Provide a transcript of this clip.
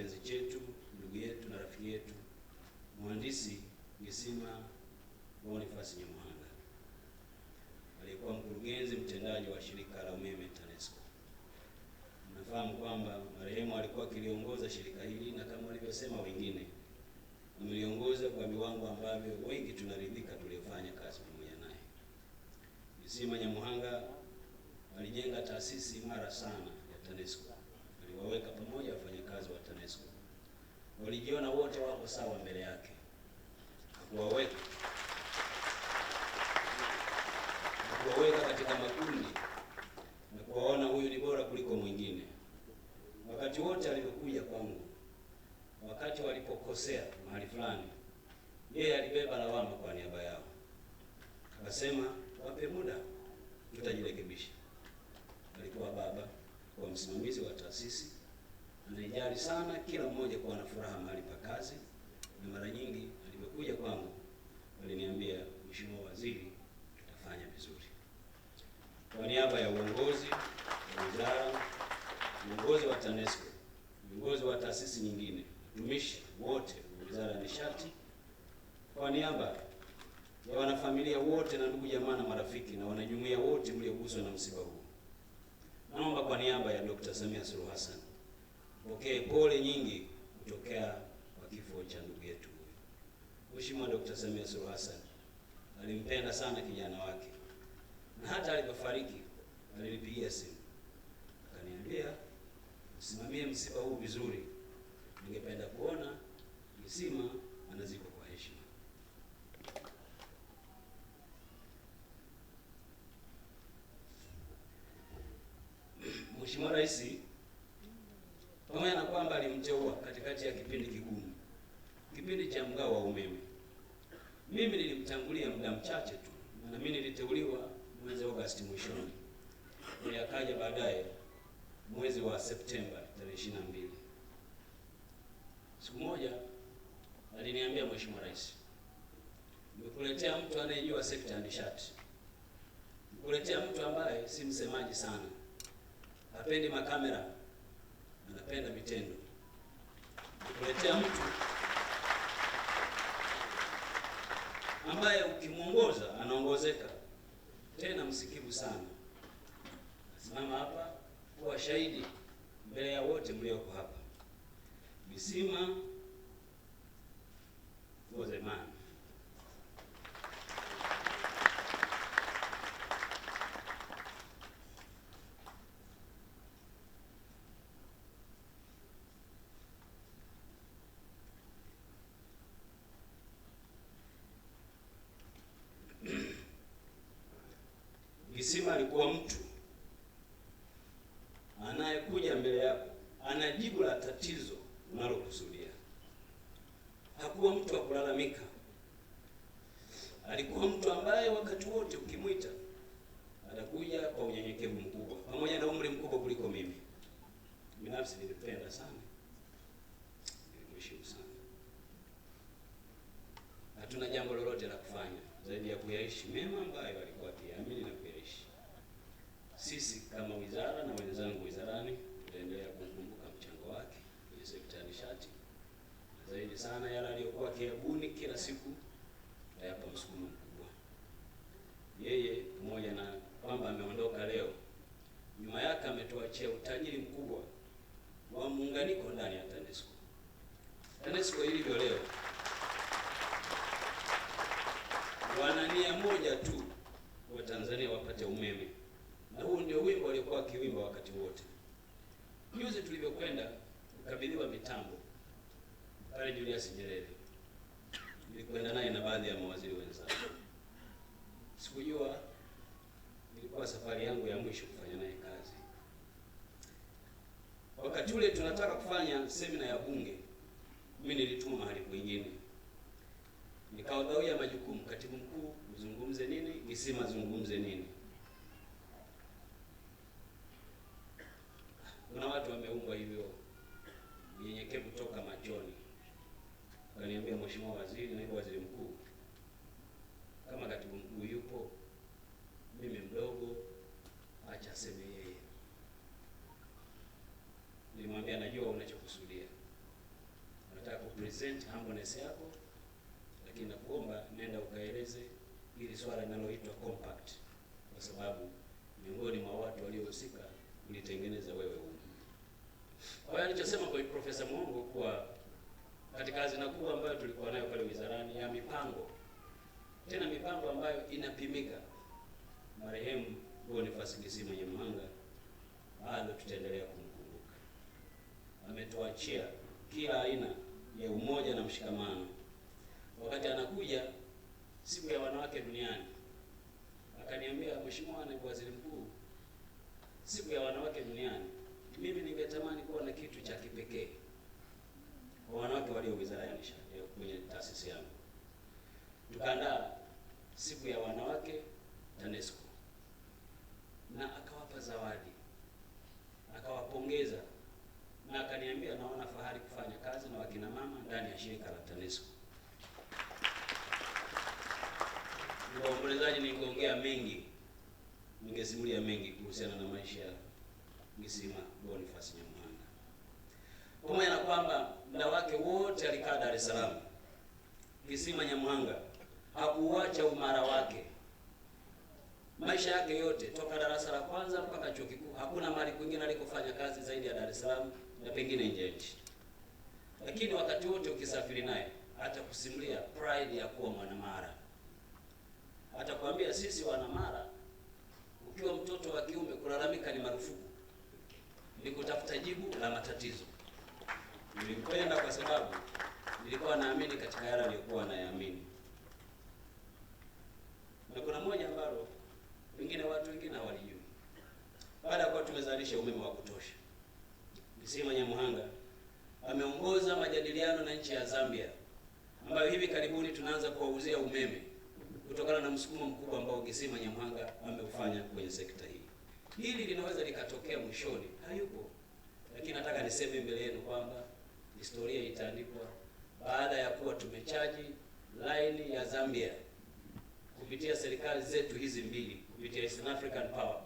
kipenzi chetu, ndugu yetu na rafiki yetu, mhandisi Ngisima Bonifasi nyamuhanga aliyekuwa mkurugenzi mtendaji wa shirika la umeme TANESCO. Nafahamu kwamba marehemu alikuwa akiliongoza shirika hili na kama walivyosema wengine, ameliongoza kwa viwango ambavyo wengi tunaridhika tuliofanya kazi pamoja naye. misima nyamuhanga alijenga taasisi imara sana ya TANESCO Yesu. Walijiona wote wako sawa mbele yake, akuwaweka hakuwaweka katika makundi na kuwaona huyu ni bora kuliko mwingine. Wakati wote alivyokuja kwangu, wakati walipokosea mahali fulani, yeye alibeba lawama kwa niaba yao, akasema wape muda, tutajirekebisha. Alikuwa baba, kwa msimamizi wa taasisi nilijali sana kila mmoja kuwa na furaha mahali pa kazi, na mara nyingi alivyokuja kwangu aliniambia Mheshimiwa Waziri, tutafanya vizuri. Kwa niaba ya uongozi wa wizara, uongozi wa TANESCO, viongozi wa taasisi nyingine, watumishi wote wa Wizara ya Nishati, kwa niaba ya wanafamilia wote na ndugu jamaa na marafiki na wanajumuiya wote mlioguswa na msiba huu, naomba kwa niaba ya Dr. Samia Suluhu Hassan tupokee pole nyingi kutokea kwa kifo cha ndugu yetu huyu. Mheshimiwa Dkt. Samia Suluhu Hassan alimpenda sana kijana wake, na hata alipofariki alinipigia simu akaniambia, msimamie msiba huu vizuri, ningependa kuona misima anazikwa kwa heshima. Mheshimiwa Raisi kati ya kipindi kigumu, kipindi cha mgao wa umeme. Mimi nilimtangulia muda mchache tu, na mimi niliteuliwa mwezi Agosti mwishoni, akaja baadaye mwezi wa Septemba tarehe 22. Siku moja aliniambia, Mheshimiwa Rais, nimekuletea mtu anayejua sekta ya nishati, nimekuletea mtu ambaye si msemaji sana, hapendi makamera, anapenda vitendo kuletea mtu ambaye ukimwongoza anaongozeka, tena msikivu sana. Nasimama hapa kuwa shahidi mbele ya wote mlioko hapa. Misima Fozemana. mtu anayekuja mbele yako ana jibu la tatizo unalokusudia. Hakuwa mtu wa kulalamika, alikuwa mtu ambaye wakati wote ukimwita atakuja kwa unyenyekevu mkubwa, pamoja na umri mkubwa kuliko mimi. Binafsi nilipenda sana, nilimheshimu sana. Hatuna jambo lolote la kufanya zaidi ya kuyaishi mema ambayo sisi kama wizara na wenzangu wizarani tutaendelea kukumbuka mchango wake kwenye sekta ya nishati, zaidi sana yale aliyokuwa kiabuni kila siku, tutayapa msukumo mkubwa. Yeye pamoja na kwamba ameondoka leo, nyuma yake ametuachia utajiri mkubwa wa muunganiko ndani ya TANESCO. TANESCO ilivyo leo wana nia moja tu, Watanzania wapate umeme wakati wote. Juzi tulivyokwenda kukabidhiwa mitambo pale Julius Nyerere, nilikwenda naye na baadhi ya mawaziri wenzangu. Sikujua ilikuwa safari yangu ya mwisho kufanya naye kazi. Wakati ule tunataka kufanya semina ya Bunge, mimi nilituma mahali kwingine, nikawadhauya majukumu, katibu mkuu mzungumze nini, Gisima zungumze nini kuna watu wameumbwa hivyo, unyenyekevu toka machoni. Kaniambia, Mheshimiwa Waziri, naibu waziri mkuu, kama katibu mkuu yupo, mimi mdogo, acha aseme yeye. Nilimwambia, najua unachokusudia, unataka kupresent humbleness yako, lakini nakuomba nenda ukaeleze ili swala linaloitwa compact, kwa sababu miongoni mwa watu waliohusika ulitengeneza wewe huko. Kwa hiyo alichosema kwa Profesa Mungu kuwa katika hazina kubwa ambayo tulikuwa nayo pale wizarani ya mipango, tena mipango ambayo inapimika, marehemu Boniface mwenye mhanga bado tutaendelea kumkumbuka. Ametuachia kila aina ya umoja na mshikamano tukaandaa siku ya wanawake TANESCO na akawapa zawadi, akawapongeza na akaniambia, naona fahari kufanya kazi na wakina mama ndani ya shirika la TANESCO. Waombolezaji, ningeongea mengi, ningesimulia mengi kuhusiana na maisha ya Gissima Boniface nyamuhanga pamoja na kwamba muda wake wote alikaa Dar es Salaam. Gissima Nyamhanga hakuuacha umara wake maisha yake yote toka darasa la kwanza mpaka chuo kikuu, hakuna mahali kwingine alikofanya kazi zaidi ya Dar es Salaam na pengine nje ya nchi. Lakini wakati wote ukisafiri naye atakusimulia pride ya kuwa mwanamara. Atakwambia sisi wanamara, ukiwa mtoto wa kiume kulalamika ni marufuku, ni kutafuta jibu la matatizo. Nilimpenda kwa sababu nilikuwa naamini katika yale aliyokuwa anayaamini na kuna moja ambalo wengine watu wengine hawalijui. Baada ya kuwa tumezalisha umeme wa kutosha, Kisima Nyamuhanga ameongoza majadiliano na nchi ya Zambia ambayo hivi karibuni tunaanza kuwauzia umeme kutokana na msukumo mkubwa ambao Kisima Nyamuhanga ameufanya kwenye sekta hii. Hili linaweza likatokea mwishoni, hayupo, lakini nataka niseme mbele yenu kwamba historia itaandikwa baada ya kuwa tumechaji line ya Zambia kupitia serikali zetu hizi mbili, kupitia East African Power